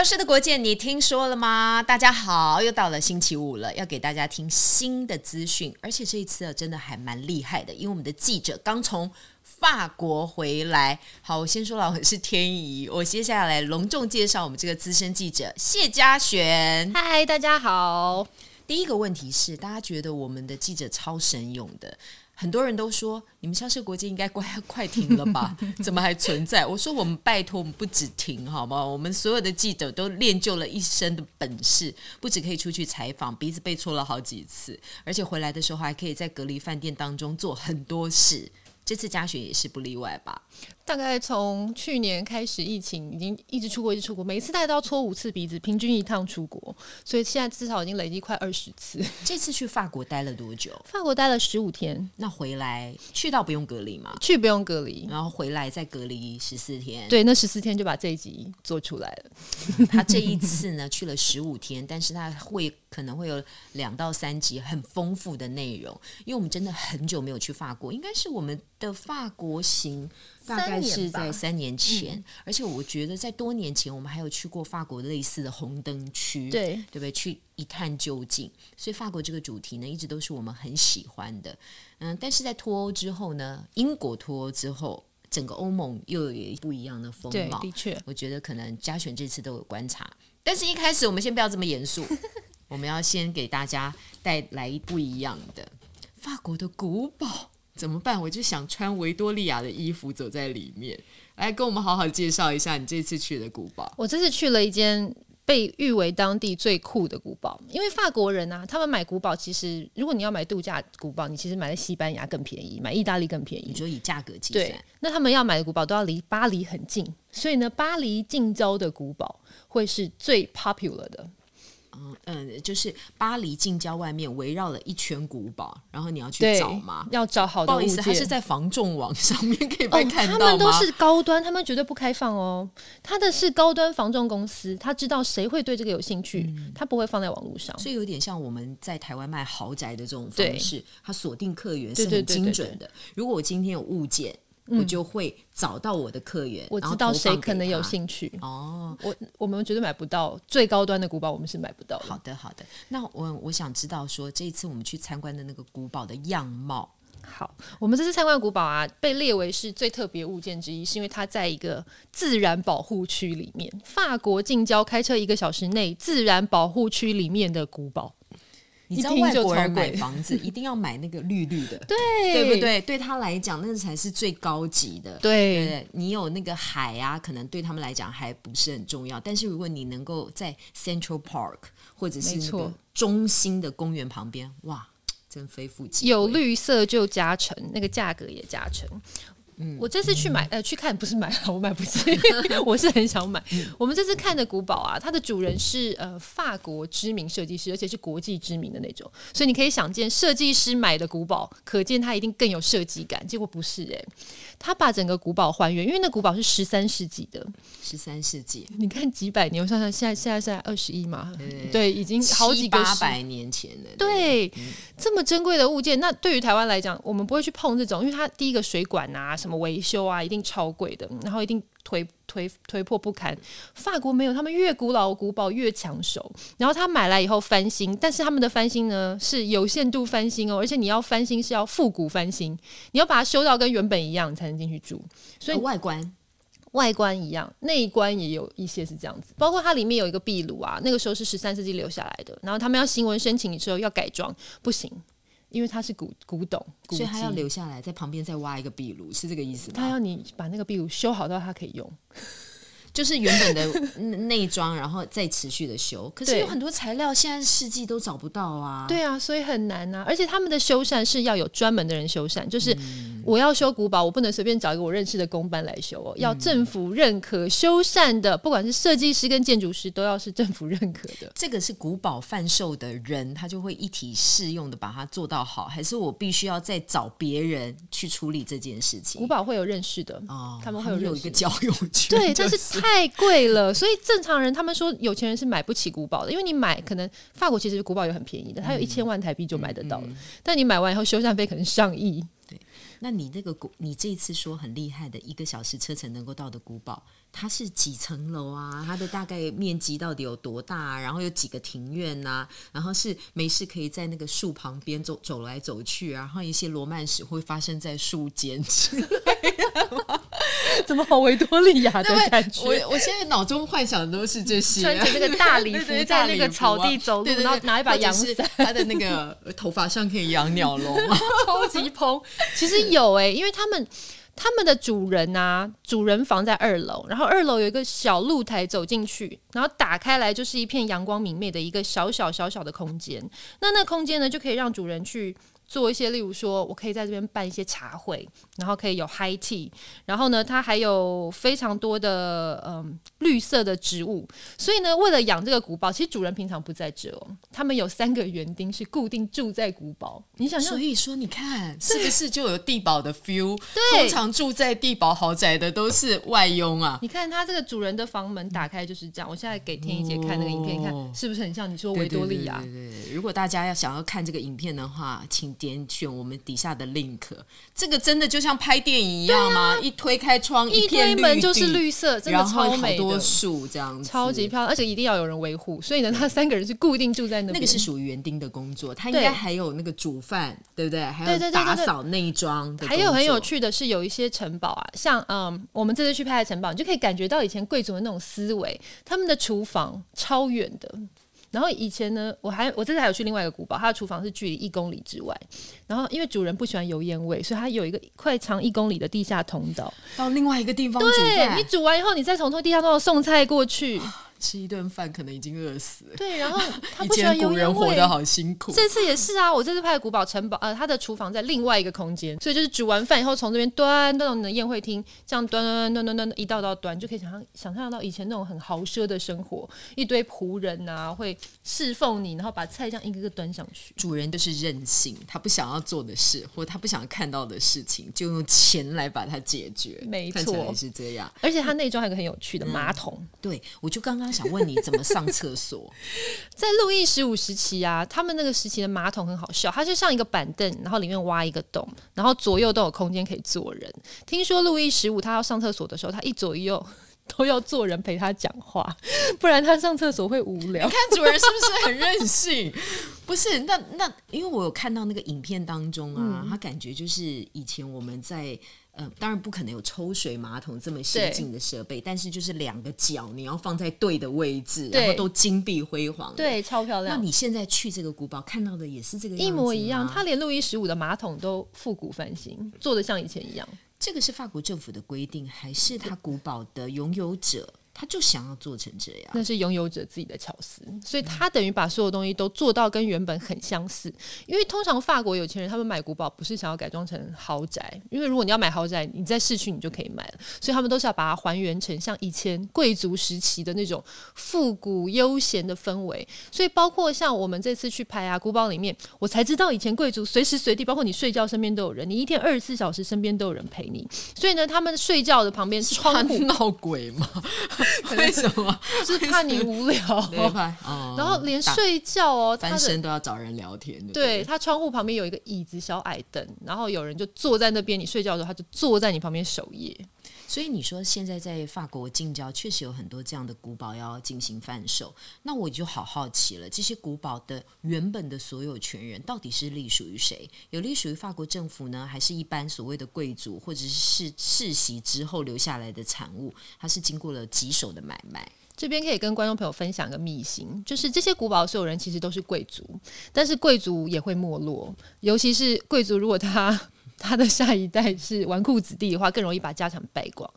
消失的國界，你聽說了嗎？大家好，又到了星期五了，要給大家聽新的資訊，而且這一次啊，真的還蠻厲害的，因為我們的記者剛從法國回來。好，我先說了，我是天怡，我接下來隆重介紹我們這個資深記者謝嘉璇。嗨，大家好。第一個問題是，大家覺得我們的記者超神勇的？很多人都說，你們消失國界應該快快停了吧？ 怎麼還存在？我說，我們拜托，我們不止停，好嗎？我們所有的記者都練就了一身的本事，不止可以出去採訪，鼻子被戳了好幾次，而且回來的時候還可以在隔離飯店當中做很多事。這次嘉雪也是不例外吧。大概從去年開始，疫情已經一直出國，一直出國。每一次大家都要搓五次鼻子，平均一趟出國，所以現在至少已經累計快二十次。這次去法國待了多久？法國待了十五天。嗯。那回來去到不用隔離嗎？去不用隔離，然後回來再隔離十四天。對，那十四天就把這一集做出來了。嗯、他這一次呢去了十五天， 但是他會可能會有兩到三集很豐富的內容，因為我們真的很久沒有去法國，應該是我們的法國行大概。三 是在三年前，嗯、而且我覺得在多年前，我們還有去過法國類似的紅燈區，對對不對？去一探究竟。所以法國這個主題呢，一直都是我們很喜歡的。嗯，但是在脫歐之後呢，英國脫歐之後，整個歐盟又有一不一樣的風貌。對，的確，我覺得可能嘉璇這次都有觀察。但是，一開始我們先不要這麼嚴肅， 我們要先給大家帶來一不一樣的法國的古堡。怎麼辦？我就想穿維多利亞的衣服走在裡面，來跟我們好好介紹一下你這次去的古堡。我這次去了一間被譽為當地最酷的古堡，因為法國人啊，他們買古堡其實，如果你要買度假古堡，你其實買在西班牙更便宜，買意大利更便宜，你就以價格計算。對，那他們要買的古堡都要離巴黎很近，所以呢，巴黎近郊的古堡會是最 popular 的。嗯嗯，就是巴黎近郊外面圍繞了一圈古堡，然後你要去找嗎？要找好的。不好意思，還是在房仲網上面可以被看到嗎、哦？他們都是高端，他們絕對不開放哦。他的是高端房仲公司，他知道誰會對這個有興趣，嗯、他不會放在網絡上。所以有點像我們在台灣賣豪宅的這種方式，對他鎖定客源是很精準的。對對對對對。如果我今天有物件。我就會找到我的客源，嗯，我知道誰可能有興趣。哦，我我們絕對買不到最高端的古堡，我們是買不到的。好的，好的。那我我想知道說，這一次我們去參觀的那個古堡的樣貌。好，我們這次參觀的古堡啊，被列為是最特別物件之一，是因為它在一個自然保護區裡面，法國近郊開車一個小時內，自然保護區裡面的古堡。你知道外國人買房子，一定要買那個綠綠的，對，對不對？對他來講，那才是最高級的。對，對，對，你有那個海啊，可能對他們來講還不是很重要。但是如果你能夠在 Central Park 或者是那個中心的公園旁邊，哇，真非富即貴。有綠色就加成，那個價格也加成。我這次去買，呃，去看不是買啊，我買不起， 我是很想買。我們這次看的古堡啊，它的主人是呃法國知名設計師，而且是國際知名的那種，所以你可以想見，設計師買的古堡，可見它一定更有設計感。結果不是欸。他把整個古堡還原，因為那古堡是十三世紀的，十三世紀。你看幾百年，我算算想想現在現在現在二十一嘛，對，對，對，對，已經好幾個八百年前了。對，對嗯、這麼珍貴的物件，那對於台灣來講，我們不會去碰這種，因為它第一個水管啊，什麼維修啊，一定超貴的，然後一定推。推推破不堪，法國沒有，他們越古老古堡越搶手。然後他買來以後翻新，但是他們的翻新呢是有限度翻新哦，而且你要翻新是要復古翻新，你要把它修到跟原本一樣才能進去住。所以，呃，外觀外觀一樣，內觀也有一些是這樣子。包括它裡面有一個壁爐啊，那個時候是十三世紀留下來的。然後他們要行文申請之後要改裝，不行。因為它是古古董，古所以它要留下來，在旁邊再挖一個壁爐，是這個意思嗎？他要你把那個壁爐修好，到他可以用。就是原本的內裝， 然後再持續的修，可是有很多材料現在世紀都找不到啊。對啊，所以很難吶、啊。而且他們的修繕是要有專門的人修繕，就是我要修古堡，我不能隨便找一個我認識的工班來修哦，要政府認可修繕的，不管是設計師跟建築師，都要是政府認可的。這個是古堡販售的人，他就會一體適用的把它做到好，還是我必須要再找別人去處理這件事情？古堡會有認識的哦，他們會有，他們有一個交友群。對，但是。 太貴了，所以正常人他們說有錢人是買不起古堡的，因為你買可能法國其實古堡也很便宜的，他有一千萬台幣就買得到了，嗯嗯嗯，但你買完以後修繕費可能上億。對，那你那，這個古，你這一次說很厲害的一個小時車程能夠到的古堡，它是幾層樓啊？它的大概面積到底有多大啊？然後有幾個庭院啊？然後是沒事可以在那個樹旁邊走走來走去啊，然後一些羅曼史會發生在樹間。 怎麼好維多利亞的感覺？我我現在腦中幻想的都是這些，穿着那個大禮服，在那個草地走路，對對對啊、然後拿一把陽，傘，他的那個頭髮上可以養鳥籠， 超級蓬。其實有誒、欸，因為他們他們的主人吶、啊，主人房在二樓，然後二樓有一個小露台，走進去，然後打開來就是一片陽光明媚的一個小小小小的空間。那那空間呢，就可以讓主人去。做一些，例如說，我可以在這邊辦一些茶會，然後可以有 high tea，然後呢，它還有非常多的嗯、呃、綠色的植物，所以呢，為了養這個古堡，其實主人平常不在這哦，他們有三個園丁是固定住在古堡。你想，所以說你看對是不是就有地堡的 feel？對，通常住在地堡豪宅的都是外傭啊。你看它這個主人的房門打開就是這樣，我現在給天一姐看那個影片，哦、你看是不是很像？你說維多利亞？對，對，對，對，對，對，如果大家要想要看這個影片的話，請。點選我們底下的 link，這個真的就像拍電影一樣嗎？啊、一推開窗，一推門就是綠色，真的超美的，然後好多樹這樣子，超級漂亮。而且一定要有人維護，所以呢，他三個人是固定住在那邊。那個是屬於園丁的工作，他應該還有那個煮飯，對，對不對？還有打掃內裝。還有很有趣的是，有一些城堡啊，像嗯，我們這次去拍的城堡，你就可以感覺到以前貴族的那種思維，他們的廚房超遠的。然後以前呢，我還我這次還有去另外一個古堡，它的廚房是距離一公里之外。然後因為主人不喜歡油煙味，所以它有一個快長一公里的地下通道到另外一個地方煮菜。你煮完以後，你再從通地下通道送菜過去。吃一頓飯可能已經餓死了。對，然後他以前古人活得好辛苦。這次也是啊，我這次拍的古堡城堡，呃，他的廚房在另外一個空間，所以就是煮完飯以後，從這邊端端到你的宴會廳，這樣端端端端端端，一道道端，就可以想象想象到以前那種很豪奢的生活，一堆僕人啊會侍奉你，然後把菜這樣一個個端上去。主人就是任性，他不想要做的事，或他不想看到的事情，就用錢來把它解決。沒錯，是這樣。而且他那種還有一個很有趣的馬桶，嗯，對我就剛剛。想問你怎麼上廁所？ 在路易十五時期啊，他們那個時期的馬桶很好笑，它就像一個板凳，然後裡面挖一個洞，然後左右都有空間可以坐人。聽說路易十五他要上廁所的時候，他一左一右都要坐人陪他講話，不然他上廁所會無聊。你看主人是不是很任性？ 不是，那那因為我有看到那個影片當中啊，嗯，他感覺就是以前我們在。嗯、呃，當然不可能有抽水馬桶這麼先進的設備，對但是就是兩個腳你要放在對的位置，對然後都金碧輝煌，對，超漂亮。那你現在去這個古堡看到的也是這個樣子，一模一樣，他連路易十五的馬桶都復古翻新，做的像以前一樣。這個是法國政府的規定，還是他古堡的擁有者？他就想要做成這樣，那是擁有者自己的巧思，所以他等於把所有東西都做到跟原本很相似。因為通常法國有錢人他們買古堡不是想要改裝成豪宅，因為如果你要買豪宅，你在市區你就可以買了。所以他們都是要把它還原成像以前貴族時期的那種復古悠閒的氛圍。所以包括像我們這次去拍啊，古堡裡面我才知道以前貴族隨時隨地，包括你睡覺身邊都有人，你一天二十四小時身邊都有人陪你。所以呢，他們睡覺的旁邊是窗戶鬧鬼嗎？ 為什麼？就是怕你無聊，然後連睡覺哦、喔，翻身都要找人聊天對對。對，他窗戶旁邊有一個椅子、小矮凳，然後有人就坐在那邊，你睡覺的時候，他就坐在你旁邊守夜。所以你說現在在法國近郊確實有很多這樣的古堡要進行販售，那我就好好奇了，這些古堡的原本的所有權人到底是隸屬於誰？有隸屬於法國政府呢，還是一般所謂的貴族，或者是世世襲之後留下來的產物，還是經過了幾手的買賣？這邊可以跟觀眾朋友分享一個秘辛，就是這些古堡的所有人其實都是貴族，但是貴族也會沒落，尤其是貴族如果他。他的下一代是紈絝子弟的話，更容易把家產敗光。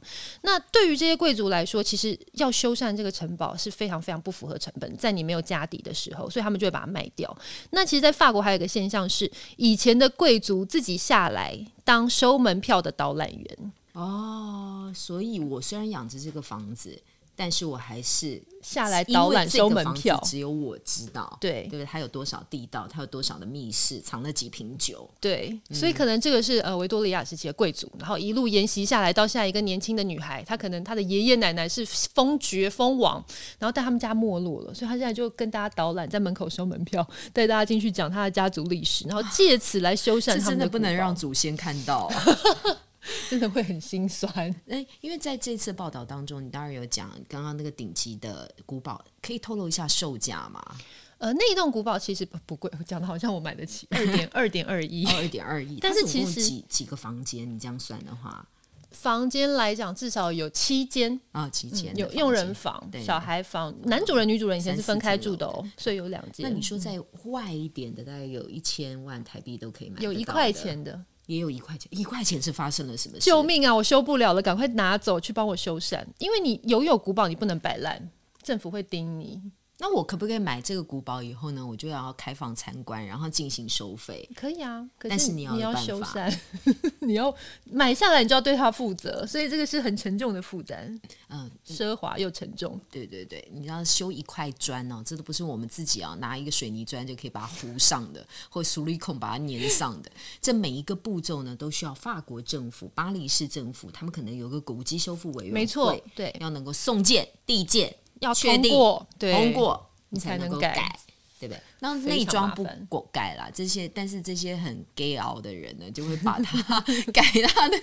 那對於這些貴族來說，其實要修繕這個城堡是非常非常不符合成本，在你沒有家底的時候，所以他們就會把它賣掉。那其實，在法國還有一個現象是，以前的貴族自己下來當收門票的導覽員哦。所以我雖然養着這個房子。但是我還是下來導覽收門票，只有我知道。知道對，對，它有多少地道，它有多少的密室，藏了幾瓶酒。對，嗯、所以可能這個是呃維多利亞時期的貴族，然後一路沿襲下來到現在一個年輕的女孩，她可能她的爺爺奶奶是封爵封王，然後但她們家沒落了，所以她現在就跟大家導覽，在門口收門票，帶大家進去講她的家族歷史，然後借此來修繕。他、啊、真的不能讓祖先看到、啊。 真的會很心酸。那 欸、因為在這次報道當中，你當然有講剛剛那個頂級的古堡，可以透露一下售價嗎？呃，那一棟古堡其實不貴，我講的好像我買得起，二點二點二億，二點二億。但是其實幾幾個房間，你這樣算的話，房間來講至少有七間啊、哦，七間、嗯、有傭人房、對小孩房、對男主人、女主人以前是分開住的哦，的所以有兩間。那你說再外一點的，嗯、大概有一千萬台幣都可以買，有一塊錢的。也有一塊錢，一塊錢是發生了什麼事？救命啊！我修不了了，趕快拿走去幫我修繕，因為你擁有,有古堡，你不能擺爛，政府會盯你。那我可不可以買這個古堡以後呢？我就要開放參觀，然後進行收費？可以啊，可是但是你要修繕，你要買下來，你就要對它負責，所以這個是很沉重的負擔。嗯，奢華又沉重。對對對，你要修一塊磚哦，這都不是我們自己啊、喔，拿一個水泥磚就可以把它糊上的， 或水泥孔把它粘上的。 這每一個步驟呢，都需要法國政府、巴黎市政府，他們可能有個古蹟修復委員會，沒錯，對，要能夠送件遞件。要通過，定對通過你才能夠改，改對不對？那內裝不改了，這些但是這些很 g a o u 的人呢，就會把它 改它的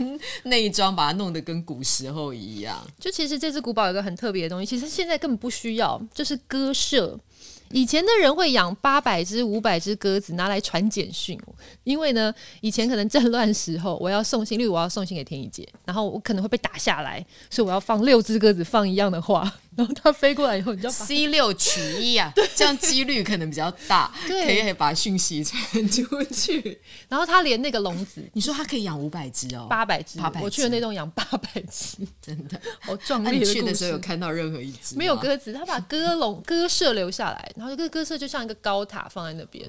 內裝，把它弄得跟古時候一樣。就其實這只古堡有一個很特別的東西，其實現在根本不需要，就是鴿舍。以前的人會養八百只、五百只鴿子拿來傳簡訊，因為呢，以前可能戰亂時候，我要送信，因為我要送信給天一姐，然後我可能會被打下來，所以我要放六只鴿子放一樣的話。然後它飛過來以後，你就 C 六取一啊，對這樣幾率可能比較大，對可以把訊息傳出去。然後他連那個籠子，你說他可以養五百隻哦，八百隻，隻我去的那棟養八百隻，真的好壯烈的故事，啊，去的時候有看到任何一隻沒有鴿子，他把鴿籠、鴿舍留下來，然後這個鴿舍就像一個高塔放在那邊。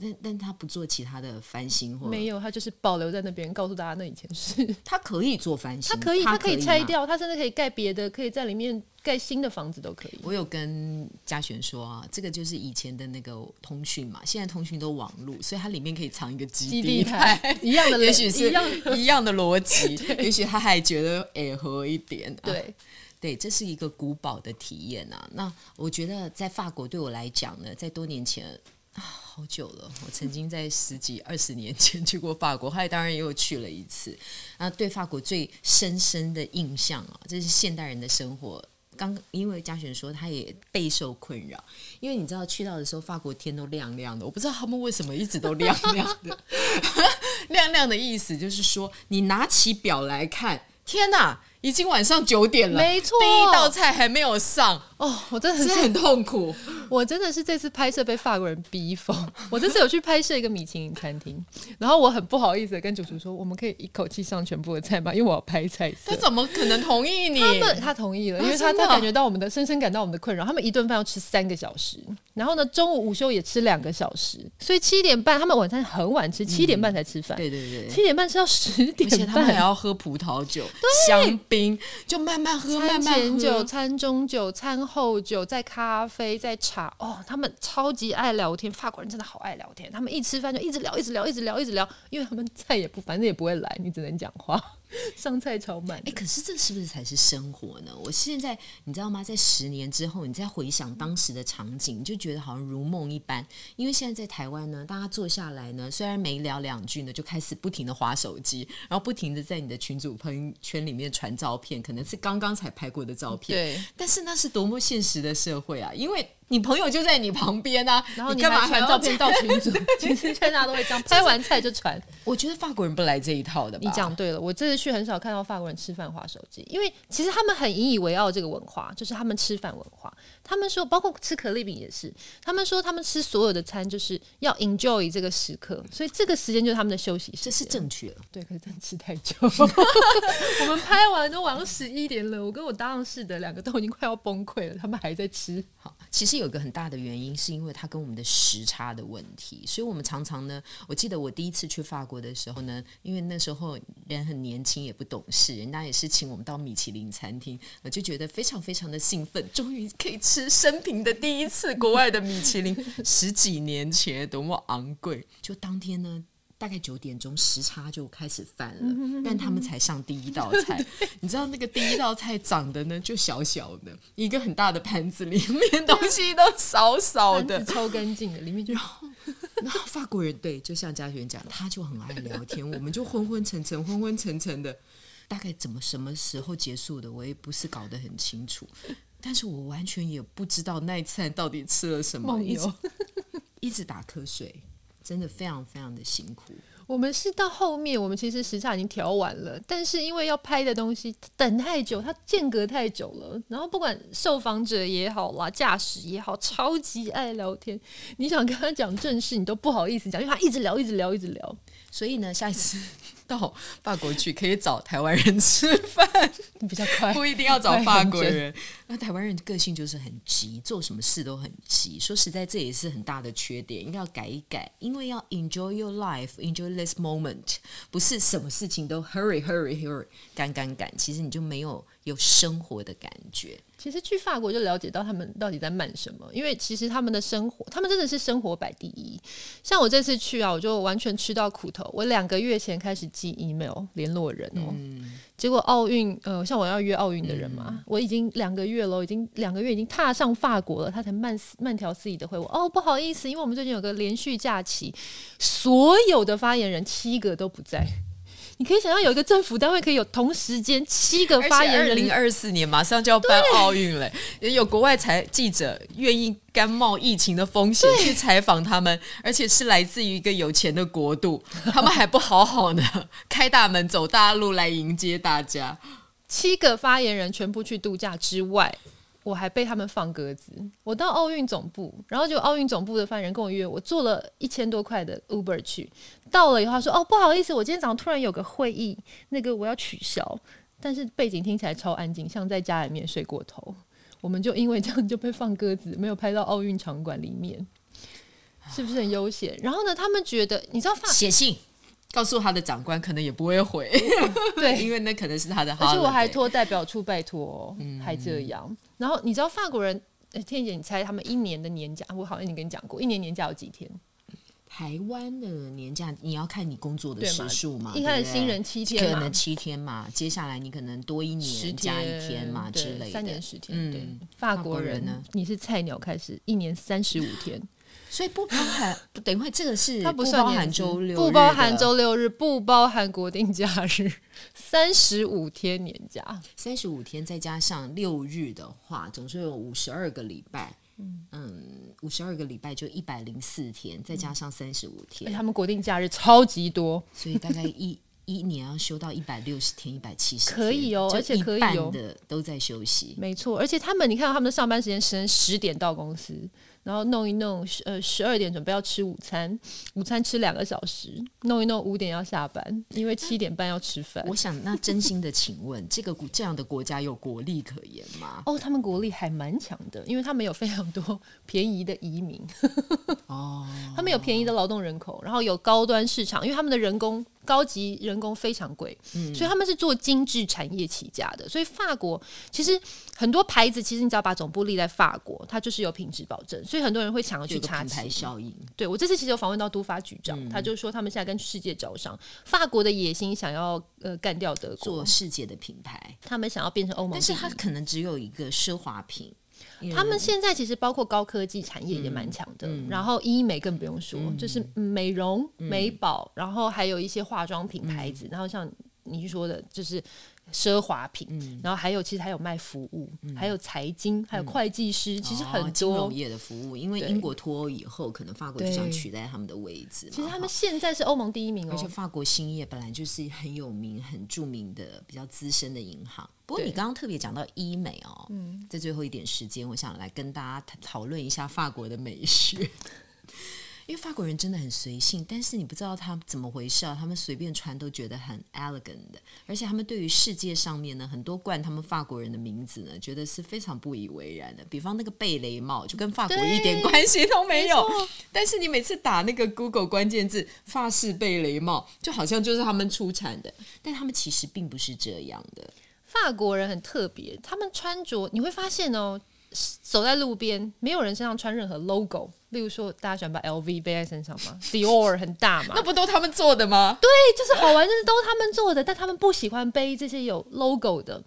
但但他不做其他的翻新，或者沒有，他就是保留在那邊，告訴大家那以前是。他可以做翻新，他可以，他可以拆掉，他甚至可以蓋別的，可以在裡面蓋新的房子都可以。我有跟嘉璇說啊，這個就是以前的那個通訊嘛，現在通訊都網絡，所以它裡面可以藏一個基地台，基地台一樣的，也許許是一樣,一樣的邏輯， 對也許他還覺得耳合一點、啊。對，對，這是一個古堡的體驗啊。那我覺得在法國對我來講呢，在多年前。好久了，我曾經在十幾二十年前去過法國，後來、嗯、當然又去了一次。那對法國最深深的印象啊、哦，這是現代人的生活。剛，剛因為嘉軒說他也備受困擾，因為你知道去到的時候法國天都亮亮的，我不知道他們為什麼一直都亮亮的。 亮亮的意思就是說，你拿起表來看，天哪！已經晚上九點了，沒錯，第一道菜還沒有上哦，我真的是很痛苦，我真的是這次拍攝被法國人逼瘋。我這次有去拍攝一個米其林餐廳，然後我很不好意思跟主廚說，我們可以一口氣上全部的菜嗎？因為我要拍菜色。他怎麼可能同意你？他他同意了，因為他他感覺到我們的深深感到我們的困擾。他們一頓飯要吃三個小時，然後呢，中午午休也吃兩個小時，所以七點半他們晚餐很晚吃，七點半才吃飯。對對對，七點半吃到十點，而且他們還要喝葡萄酒，香。冰就慢慢喝，慢慢喝，餐前酒、慢慢喝，餐中酒、餐後酒，再咖啡，再茶。哦，他們超級愛聊天，法國人真的好愛聊天。他們一吃飯就一直聊，一直聊，一直聊，一直聊，一直聊，因為他們再也不，反正也不會來，你只能講話。上菜超慢，誒、欸，可是這是不是才是生活呢？我現在你知道嗎？在十年之後，你再回想當時的場景，你就覺得好像如夢一般。因為現在在台灣呢，大家坐下來呢，雖然沒聊兩句呢，就開始不停的滑手機，然後不停的在你的群組朋友圈裡面傳照片，可能是剛剛才拍過的照片。對，但是那是多麼現實的社會啊！因為你朋友就在你旁邊啊，然後你幹嘛傳照片到群組？其實大家都會這樣，拍完菜就傳、就是。我覺得法國人不來這一套的吧。你講對了，我這次去很少看到法國人吃飯划手機，因為其實他們很引以為傲這個文化，就是他們吃飯文化。他們說，包括吃可麗餅也是，他們說他們吃所有的餐就是要 enjoy 這個時刻，所以這個時間就是他們的休息時間。這是正確的，對。可是真吃太久， 我們拍完都晚上十一點了，我跟我搭檔似的，兩個都已經快要崩潰了，他們還在吃。好，其實。有個很大的原因，是因為它跟我們的時差的問題，所以我們常常呢，我記得我第一次去法國的時候呢，因為那時候人很年輕，也不懂事，人家也是請我們到米其林餐廳，我就覺得非常非常的興奮，終於可以吃生平的第一次國外的米其林， 十幾年前多麼昂貴，就當天呢。大概九點鐘，時差就開始翻了，但他們才上第一道菜。 對你知道那個第一道菜長得呢，就小小的，一個很大的盤子裡面對東西都少少的，超乾淨的，裡面就。然後，然後法國人對，就像嘉軒講，他就很愛聊天， 我們就昏昏沉沉，昏昏沉沉的。大概怎麼什麼時候結束的，我也不是搞得很清楚，但是我完全也不知道那一餐到底吃了什麼，沒有油一,一直打瞌睡。真的非常非常的辛苦。我們是到後面，我們其實時差已經調完了，但是因為要拍的東西等太久，它間隔太久了。然後不管受訪者也好啦，駕駛也好，超級愛聊天。你想跟他講正事，你都不好意思講，因為他一直聊，一直聊，一直聊。所以呢，下一次。 到法國去可以找台灣人吃飯比較快，不一定要找法國人。那台灣人的個性就是很急，做什麼事都很急。說實在，這也是很大的缺點，應該要改一改。因為要 enjoy your life, enjoy this moment，不是什麼事情都 hurry, hurry, hurry，趕趕趕，其實你就沒有。有生活的感覺。其實去法國就了解到他們到底在慢什麼，因為其實他們的生活，他們真的是生活擺第一。像我這次去啊，我就完全吃到苦頭。我兩個月前開始寄 email 聯絡人哦、喔，嗯、結果奧運呃，像我要約奧運的人嘛，嗯、我已經兩個月了，我已經兩個月已經踏上法國了，他才慢慢條斯理的回我。哦，不好意思，因為我們最近有個連續假期，所有的發言人七個都不在。你可以想象有一個政府單位可以有同時間七個發言人。二零二四年馬上就要辦奧運了，對也有國外採記者願意甘冒疫情的風險去採訪他們，對而且是來自於一個有錢的國度，他們還不好好呢， 開大門走大路來迎接大家。七個發言人全部去度假之外。我還被他們放鴿子。我到奧運總部，然後就奧運總部的發言人跟我約，我坐了一千多塊的 Uber 去。到了以後他說：“哦，不好意思，我今天早上突然有個會議，那個我要取消。”但是背景聽起來超安靜，像在家裡面睡過頭。我們就因為這樣就被放鴿子，沒有拍到奧運場館裡面，是不是很悠閒？然後呢，他們覺得你知道放，寫信告訴他的長官可能也不會回，哦、對，因為那可能是他的，好好的。可是我還託代表處拜託、哦，嗯、還這樣。然後你知道法國人、欸？天姐，你猜他們一年的年假？我好像已經跟你講過，一年年假有幾天？台灣的年假你要看你工作的時數嗎嘛一開始新人七天。對可能七天嘛，天嘛接下來你可能多一年十天加一天嘛對之類的。三年十天。嗯、對，法國人,法國人呢？你是菜鳥開始，一年三十五天。 所以不包含，不、啊、等一會這個是它，不包含周六日，不，不包含周六日，不包含國定假日，三十五天年假，三十五天再加上六日的話，總是有五十二個禮拜，嗯五十二個禮拜就一百零四天，再加上三十五天，嗯，哎，他們國定假日超級多，所以大概一一年要休到一百六十天，一百七十天，可以哦，而且可以的都在休息，哦，沒錯，而且他們你看到他們的上班時間是十點到公司。然後弄一弄，十呃，十二點準備要吃午餐，午餐吃兩個小時，弄一弄五點要下班，因為七點半要吃飯。我想，那真心的，請問 這個這樣的國家有國力可言嗎？哦，oh, 他們國力還蠻強的，因為他們有非常多便宜的移民，哦 ，oh. 他們有便宜的勞動人口，然後有高端市場，因為他們的人工。高級人工非常貴，嗯、所以他們是做精致產業起家的。所以法國其實很多牌子，其實你只要把總部立在法國，它就是有品質保證。所以很多人會搶着去插旗。品牌效應，對我這次其實有訪問到都發局長，嗯、他就說他們現在跟世界招商，法國的野心想要呃幹掉德國，做世界的品牌，他們想要變成歐盟品，但是他可能只有一個奢華品。Yeah. 他們現在其實包括高科技產業也蠻強的，嗯嗯、然後醫美更不用說，嗯、就是美容、嗯、美寶，然後還有一些化妝品牌子，嗯、哼然後像你說的，就是。奢華品，然後還有其實還有賣服務，嗯、還有財經，還有會計師，嗯、其實很多、哦、金融業的服務。因為英國脫歐以後，可能法國就想取代他們的位置。其實對好他們現在是歐盟第一名、哦、而且法國興業本來就是很有名、很著名的比較資深的銀行。不過你剛剛特別講到醫美哦，對在最後一點時間，我想來跟大家討論一下法國的美學。因為法國人真的很隨性，但是你不知道他們怎麼回事啊！他們隨便穿都覺得很 elegant，而且他們對於世界上面呢很多冠他們法國人的名字呢，覺得是非常不以為然的。比方那個貝雷帽，就跟法國一點關係都沒有。沒錯。但是你每次打那個 Google 關鍵字“法式貝雷帽”，就好像就是他們出產的，但他們其實並不是這樣的。法國人很特別，他們穿着你會發現哦，走在路邊沒有人身上穿任何 logo。例如說，大家喜歡把 LV 背在身上嗎？Dior 很大嘛， 那不都他們做的嗎？對，就是好玩，就是都他們做的。 但他們不喜歡背這些有 logo 的，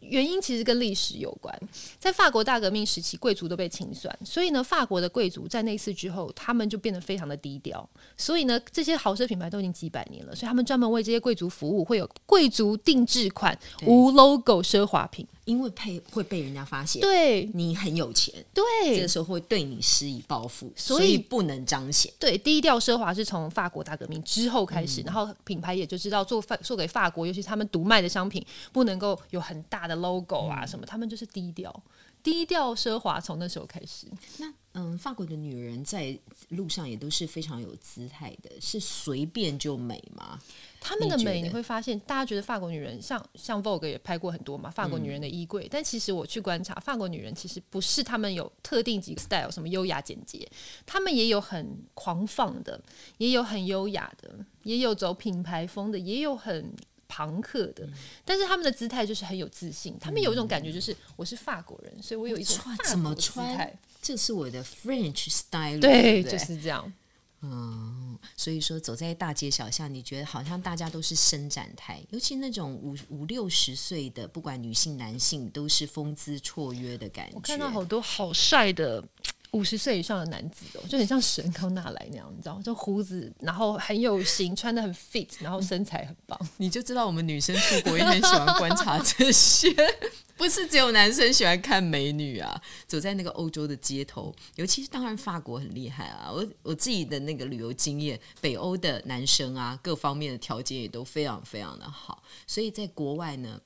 原因其實跟歷史有關。在法國大革命時期，貴族都被清算，所以呢，法國的貴族在那次之後，他們就變得非常的低調。所以呢，這些豪奢品牌都已經幾百年了，所以他們專門為這些貴族服務，會有貴族定制款無 logo 奢華品。因為配，會被人家發現，對，你很有錢，對，這個時候會對你施以報復，所以，所以不能彰顯。對，低調奢華是從法國大革命之後開始，嗯、然後品牌也就知道做做給法國，尤其是他們獨賣的商品，不能夠有很大的 logo 啊什麼，嗯、他們就是低調，低調奢華從那時候開始。那嗯，法國的女人在路上也都是非常有姿態的，是隨便就美嗎？他們的美你會發現，大家覺得法國女人像像 VOGUE 也拍過很多嘛，法國女人的衣櫃。嗯，但其實我去觀察法國女人，其實不是她們有特定幾個 style，什麼優雅簡潔，她們也有很狂放的，也有很優雅的，也有走品牌風的，也有很龐克的，但是他們的姿態就是很有自信，嗯、他們有一種感覺，就是我是法國人，所以我有一種姿態，怎麼穿，這是我的 French style，對，對對就是這樣。嗯，所以說走在大街小巷，你覺得好像大家都是伸展台，尤其那種五五六十歲的，不管女性男性，都是風姿綽約的感覺。我看到好多好帥的。五十歲以上的男子哦，就很像史恩康納萊那樣，你知道，就鬍子，然後很有型，穿得很 fit，然後身材很棒。你就知道我們女生出國也很喜歡觀察這些， 不是只有男生喜歡看美女啊。走在那個歐洲的街頭，尤其是當然法國很厲害啊。我我自己的那個旅遊經驗，北歐的男生啊，各方面的條件也都非常非常的好。所以在國外呢，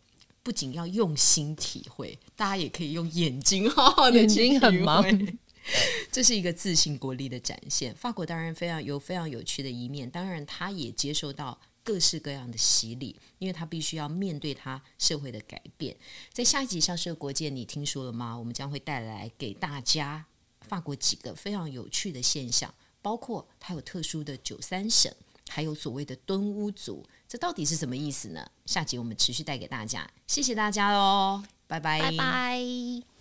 不僅要用心體會，大家也可以用眼睛哈哈，眼睛很忙。 這是一個自信國力的展現。法國當然非常有非常有趣的一面，當然他也接受到各式各樣的洗禮，因為他必須要面對他社會的改變。在下一集《消失的國界》，你聽說了嗎？我們將會帶來給大家法國幾個非常有趣的現象，包括它有特殊的九三省，還有所謂的敦屋族，這到底是什麼意思呢？下集我們持續帶給大家，謝謝大家嘍，拜拜，拜拜。